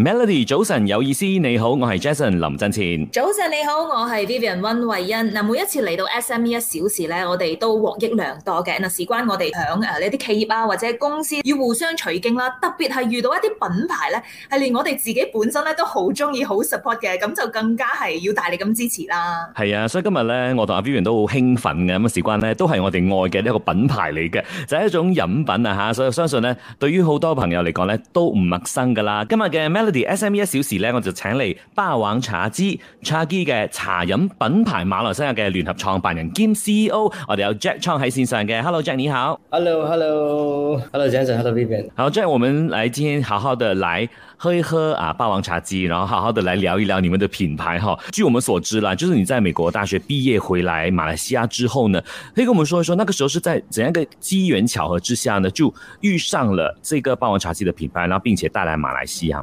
Melody，早晨有意思，你好，我係 Jason 林振前。早晨你好，我係 Vivian 溫慧欣。嗱，每一次嚟到 SME 一小時咧，我哋都獲益良多嘅。嗱，事關我哋響誒呢啲企業啊或者公司要互相取經啦，特別係遇到一啲品牌咧，係連我哋自己本身咧都好中意好 support 嘅，咁就更加係要大力咁支持啦。係啊，所以今日咧，我同阿 Vivian 都好興奮嘅。咁啊，事關咧都係我哋愛嘅呢一個品牌嚟嘅，就係一種飲品啊吓。所以相信咧，對於好多朋友嚟講咧都唔陌生噶啦。今日嘅 Mel。SME 一小時呢，我就請你霸王茶姬。茶基嘅茶飲品牌馬來西亞嘅聯合創辦人兼 CEO，我哋有 Jack 創海先生嘅，Hello Jack 你好，Hello Hello Hello 先生 Hello Vivian，好 j a 我們嚟今天好好的嚟喝一喝啊霸王茶姬，然後好好的嚟聊一聊你們的品牌哈、哦。據我們所知啦，就是你在美國大學畢業回來馬來西亞之後呢，可以跟我們說一說，那個時候是在怎樣個機緣巧合之下呢，就遇上了這個霸王茶姬的品牌，然後並且帶來馬來西亞。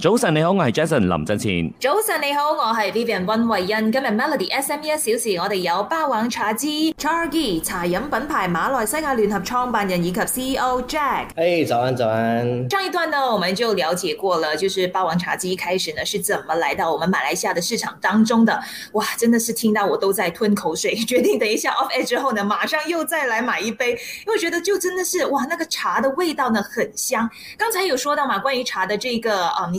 早晨，你好，我係 Jason 林振前。早晨，你好，我係 Vivian 溫慧欣。今日 Melody SME 一小時，我哋有霸王茶姬 Chargi 茶飲品牌馬來西亞聯合創辦人以及 CEO Jack。hey 早安早安。上一段呢，我們就了解過了，就是霸王茶姬一開始呢，是怎麼來到我們馬來西亞的市場當中的。哇，真的是聽到我都在吞口水，決定等一下 off air 之後呢，馬上又再來買一杯，因為覺得就真的是哇，那個茶的味道呢，很香。剛才有說到嘛，關於茶的這個，哦、啊，你。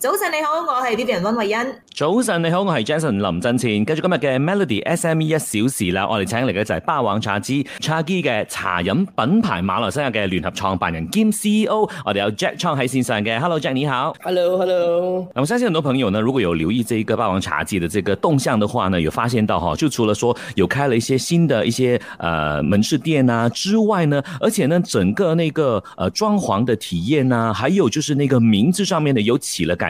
早晨你好，我係呢啲人温慧欣。早晨你好，我係 Jason 林振前。跟住今日嘅 Melody S M E 一小時啦，我哋請嚟嘅就係霸王茶姬。茶姬嘅茶飲品牌馬來西亞嘅聯合創辦人兼 C E O，我哋有 Jack Chong 喺線上嘅。Hello Jack 你好。Hello，Hello hello。我相信很多朋友呢，如果有留意這一個霸王茶姬的這個動向的話呢，有發現到哈，就除了說有開了一些新的一些呃門市店啊之外呢，而且呢，整個那個呃裝潢的體驗啊，還有就是那個名字上面的有起了改。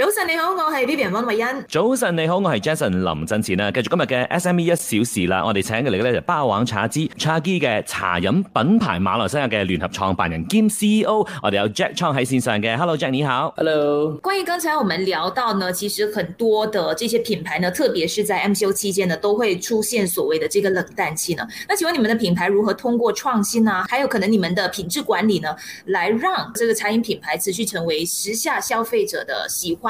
早晨你好，我係 Vivian 溫慧欣。早晨你好，我係 Jason 林振前啊。繼續今日嘅 SME 一小時啦，我哋請嘅嚟咧，就霸王茶姬，茶姬嘅茶飲品牌馬來西亞嘅聯合創辦人兼 CEO，我哋有 Jack Chong 喺線上嘅。Hello Jack，你好。Hello。關於剛才我們聊到呢，其實很多的這些品牌呢，特別是在 MCO 期間呢，都會出現所謂的這個冷淡期呢。那請問你們的品牌如何通過創新啊，還有可能你們的品質管理呢，來讓這個茶飲品牌持續成為時下消費者的喜歡